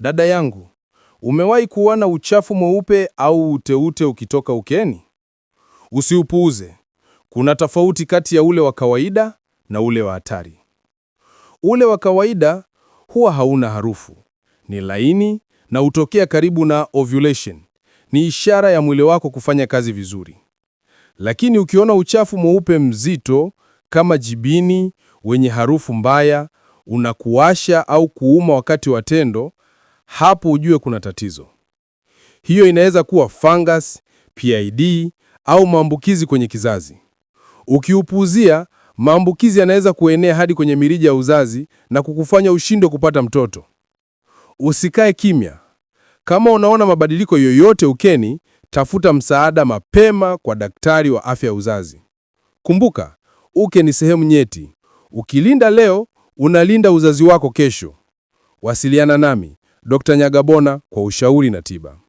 Dada yangu, umewahi kuona uchafu mweupe au uteute ukitoka ukeni? Usiupuuze. Kuna tofauti kati ya ule wa kawaida na ule wa hatari. Ule wa kawaida huwa hauna harufu, ni laini na hutokea karibu na ovulation. Ni ishara ya mwili wako kufanya kazi vizuri. Lakini ukiona uchafu mweupe mzito kama jibini, wenye harufu mbaya, unakuwasha au kuuma wakati wa tendo, hapo ujue kuna tatizo. Hiyo inaweza kuwa fungus, PID au maambukizi kwenye kizazi. Ukiupuuzia, maambukizi yanaweza kuenea hadi kwenye mirija ya uzazi na kukufanya ushindwe kupata mtoto. Usikae kimya. Kama unaona mabadiliko yoyote ukeni, tafuta msaada mapema kwa daktari wa afya ya uzazi. Kumbuka, uke ni sehemu nyeti. Ukilinda leo, unalinda uzazi wako kesho. Wasiliana nami Dr. Nyagabona kwa ushauri na tiba.